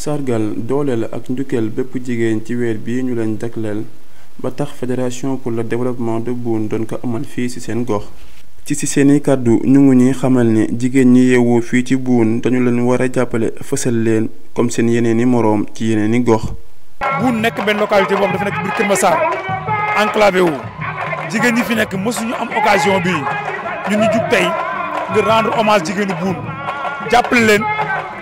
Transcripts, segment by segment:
sargal dolel ak ndukel bepp jigen ci weer bi ñu leen jagleel ba tax fédération pour le développement de Boune doon ko amal fi ci sen gox ci ci seeni kàddu ñu ngi ñuy xamal ne jigen ñi yeewoo fi ci Boune dañu leen wara a fessel leen comme sen yeneeni morom ci yeneeni gox Boune nekk benn localité boobu dafa nekk bir Kër Massar enclavé wu jigen ñi fi nekk mësuñu am occasion bi ñun ñu juk tay ngir rendre hommage jigéenu Boune jàppale leen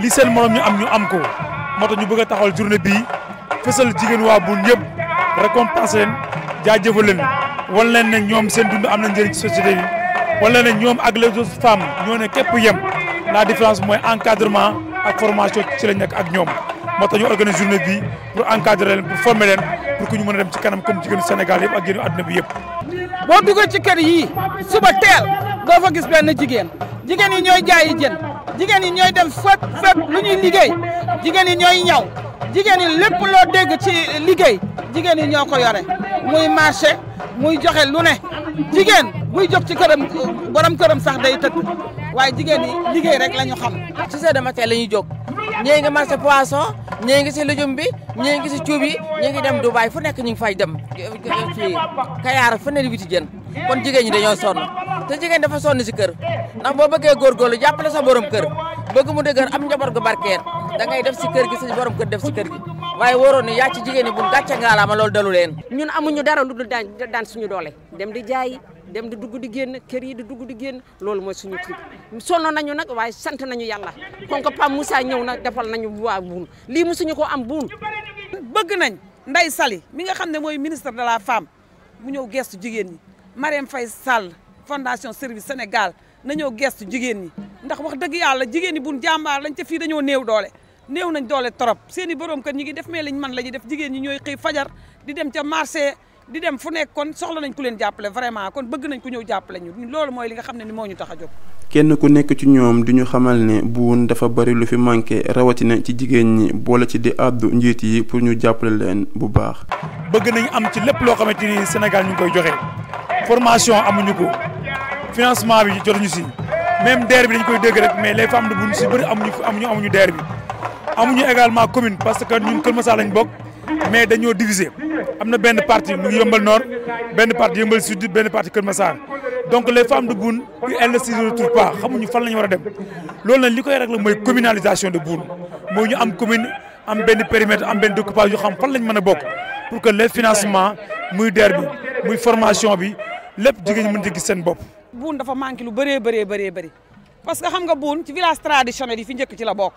li seen morom ñu am ñu am ko moo tax ñu bëgg a taxawal journée bii fësal jigéen waa Boune yëpp récompenser leen jaajëfal leen wan leen ne ñoom seen dund am na njëriñ ci société bi wan leen ne ñoom ak les autres femmes ñoo ne képp yem la différence mooy encadrement ak formation ci lañ nekk ak ñoom moo tax ñu organiser journée bii pour encadrer leen pour former leen pour que ñu mën a dem ci kanam comme jigéenu Sénégal yëpp ak jigéenu àdduna bi boo duggee ci kër yii suba teel doo fa gis benn jigéen jigéen yi ñooy jaayi jën jigéen yi ñooy dem fépp fépp jigéen ñi ñooy ñaw jigéen ñi lépp loo dégg ci liggéey jigéen ñi ñoo ko yore muy marché muy joxe lu ne jigéen buy jóg ci këram borom këram sax day tëgg waaye jigéen ñi liggéey rek la ñu xam. ci sa dama tey la ñuy jóg ñee ngi marché poisson ñee ngi si lujum bi ñee si cuub yi ñee ngi dem Dubaay fu nekk ñu ngi fay dem fii Kayaar fu ne di witi jën kon jigéen ñi dañoo sonn te jigéen dafa sonn si kër ndax boo bëggee góorgóorlu jàppale sa borom kër bëgg mu dëgër am njaboot gu barkeer da ngay def si kër gi suñu borom ko def si kër gi way woro ya yaa ci jigéen bu gatcha nga la ma lol dalu len ñun amuñu dara lu dul suñu doole dem di jaay dem di dugg di genn kër yi di dugg di genn lol moy suñu trip sonno nañu nak way sant nañu yalla kon ko pam musa ñew nak defal nañu waa li mu suñu ko am bu bëgg nañ Sali mi nga xamne moy ministre de la femme mu ñew guest jigéen ñi mariam fay Sall fondation service Senegal, nañu guest gestu jigéen ñi ndax wax deug yalla jigéen ñi bu jambar lañ ci fi dañu neew doole néew nañ doole trop seeni i borom kër ñi ngi def mais liñ man la ñuy def jigéen ñi ñooy xëy fajar di dem ca marché di dem fu nekk kon soxla nañ ko leen jàppale vraiment kon bëgg nañ ko ñëw jàppale ñu loolu mooy li nga xam ne ni moo ñu tax a jóg. kenn ku nekk ci ñoom du ñu xamal ne buun dafa bari lu fi manqué rawatina ci jigéen ñi boole ci di àddu njiit yi pour ñu jàppale leen bu baax. bëgg nañ am ci lépp loo xamante ni Sénégal ñu ngi koy joxe formation amuñu ko financement bi jotuñu si même DER bi dañ koy dégg rek mais les femmes de buun si bëri amuñu DER bi amuñu également commune parce que ñun Kër Massar lañ bokk mais dañoo diviser am na benn parti mu ngi yëmbal nord benn parti yëmbal sud benn parti Kër Massar donc les femmes de Boune elles ne se retrouvent pas xamuñu fan la ñu war a dem loolu nag li koy régler mooy communalisation de Boune moo ñu am commune am benn périmètre am benn découpage yu xam fan lañ mën a pour que les financements muy DER bi muy formation bi lépp jigéen ñi gis seen bopp. Boune dafa manqué lu bëree bëree bëree bëri parce que xam nga Boune ci village traditionnel yi fi njëkk ci la bokk.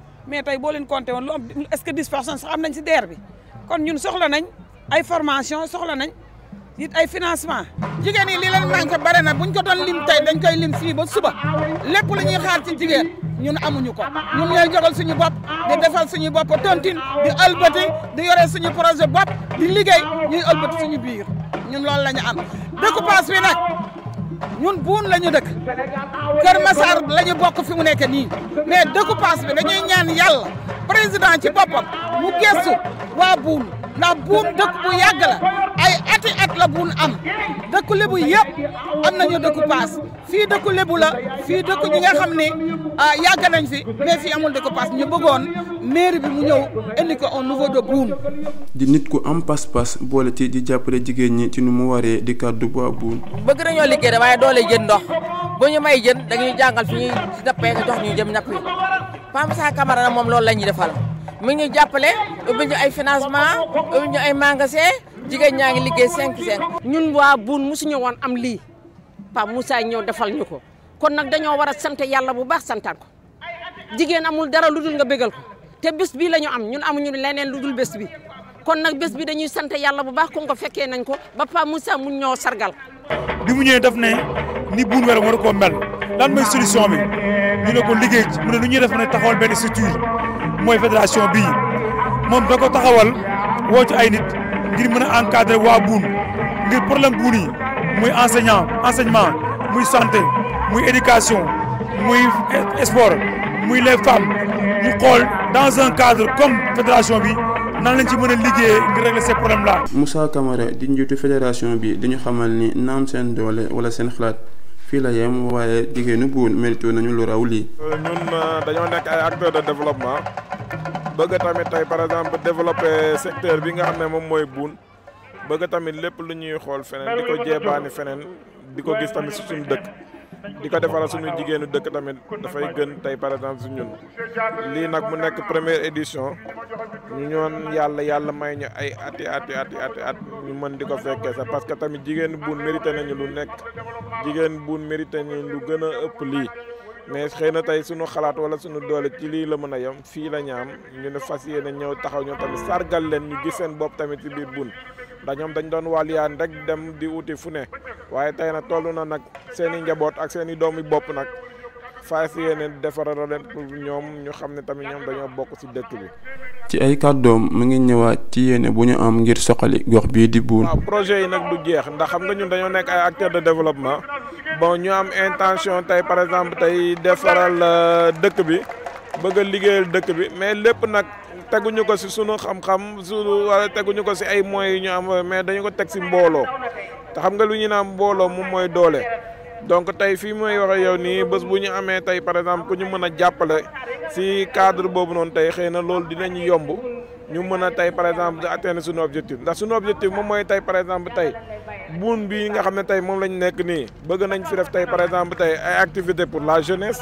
mais tey boo leen compté woon lu am que dix personnes sax am nañ si DER bi kon ñun soxla nañ ay formation soxla nañ it ay financement jigéen yi lii leen manqué bare na buñ ko doon lim tey dañ koy lim fii ba suba lépp lu ñuy xaar ci jigéen ñun amuñu ko ñun ñooy jogal suñu bopp di defal suñu bopp tontine di ëlbati di yore suñu projet bopp di liggéey ñuy ëlbati suñu biir ñun loolu la ñu am découpage bi nag ñun buun la ñu dëkk Kër Massar la ñu bokk fi mu nekk nii mais découpage bi dañuy ñaan yàlla président ci boppam mu gëstu waa buun ndax buum dëkk bu yàgg la ay ati at la buun am dëkku lebu yëpp am nañu dëkku paas fii dëkku lebu la fii dëkku ñi nga xam ne ah, yàgg nañ fi mais fii amul dëkku paas ñu bëggoon mairie bi mu ñëw indi ko au niveau de buun di nit ku am pas-pas boole ci di jàppale jigéen ñi ci nu mu waree di kàddu bu buun bëgg nañoo liggéey de waaye doole jën ndox bu ñu may jën dañuy jàngal fi ñuy nappee nga jox ñu jëm napp yi Pam Sa Camara na moom loolu la ñuy defal mu ñu jàppale ubbi ñu ay financement ubbi ñu ay magasin jigéen ñaa ngi liggéey 5-5. ñun waa Boune mosuñu woon am lii Pape Moussa ñëw defal ñu ko kon nag dañoo war a sant yàlla bu baax santaan ko jigéen amul dara lu dul nga bégal ko te bés bii la am ñun amuñu leneen lu dul bés bi kon nag bés bi dañuy sant yàlla bu baax kon ko fekkee nañ ko ba Pape Moussa mu ñoo sargal. bi mu ñëwee def ne ni Boune Wélé war koo mel lan mooy solution bi ñu ne lu ñuy def mu Moy fédération bi mom da ko taxawal wo ci ay nit ngir mën encadrer wa buun ngir problème buun yi enseignant enseignement Moy santé moy éducation moy sport moy les femmes ñu xool dans un cadre comme fédération bi nan lañ ci mën a ngir régler ces problèmes là. Moussa Camara di njiitu fédération bi di ñu xamal ni nam sen doole wala sen xalaat. fii la yem waaye jigéenu Boune mérité nañu lu raw lii. ñun euh, dañoo nekk ay acteurs de développement bëgg tamit tey par exemple développer secteur bi nga xam ne moom mooy Boune bëgg tamit lépp lu ñuy xool feneen di ko jéebaani feneen di ko gis tamit suñu dëkk. di ko defaral suñu jigéenu dëkk tamit dafay gën tey par exemple su ñun lii nag mu nekk première édition ñu ñoon yàlla yàlla may ñu ay ati ati ati ati at ñu mën di ko fekkee sax parce que tamit jigéen buun mérité nañu lu nekk jigéen buun mérité nañu lu gën a ëpp lii mais xëy na tey suñu xalaat wala suñu doole ci lii la mën a yem fii la ñaam ñu ne fas yéene ñëw taxaw ñoo tamit sargal leen ñu gis seen bopp tamit ci biir bun da ñom dañ doon waliyaan rek dem di wuti fu ne waaye tey nag toll na nak seeni njabot ak seeni doomi bop nak faas yéene defaral leen pour ñom ñu xamne ne tamit ñoom dañoo bokk si dëkk bi. ci ay cadeau mu ngi ñëwaat ci yene bu ñu am ngir soxali gox bi di buun. waaw projet yi nak du jeex ndax xam nga ñun dañoo nekk ay acteur de développement bon ñu am intention tay par exemple tey defaral euh, dekk bi. bëgg a liggéeyal dëkk bi mais lépp nag teguñu ko si sunu xam-xam sunu wala teguñu ko si ay moyens yu ñu am mais dañu ko teg si mbooloo te xam nga lu ñu naan mbooloo moom mooy doole. donc tey fii mooy wax yow nii bés bu ñu amee tey par exemple ku ñu mën a jàppale si cadre boobu noonu tey xëy na loolu ñu yomb ñu mën a tey par exemple di atteindre suñu objectif ndax suñu objectif moom mooy tey par exemple tey buun bii nga xam ne tey moom lañ nekk nii bëgg nañ fi def tey par exemple tey ay activité pour la jeunesse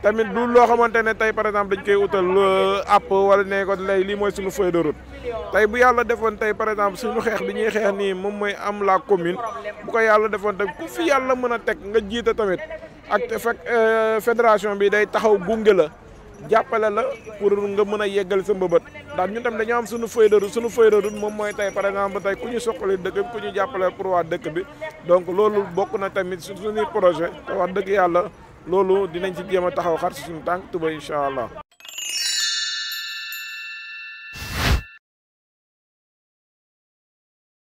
tamit du loo xamante ne tey par exemple dañ koy utal euh, app wala ne ko lii mooy suñu feuille de route tey bu yàlla defoon tey par exemple suñu xeex bi ñuy xeex nii moom mooy am la commune bu ko yàlla defoon tamit ku fi yàlla mën a teg nga jiite tamit ak fekk euh, fédération bi day taxaw gunge la jàppale la pour nga mën a yeggale sa mbëbët ndax ñu tam dañoo am suñu feuille de route suñu feuille moom mooy tey par exemple tey ku ñu soqali dëkk bi ku ñu jàppale pour waa dëkk bi donc loolu bokk na tamit suñuy projet te wax dëgg yàlla loolu dinañ ci jéem a taxaw xar suñu tànk tuba incha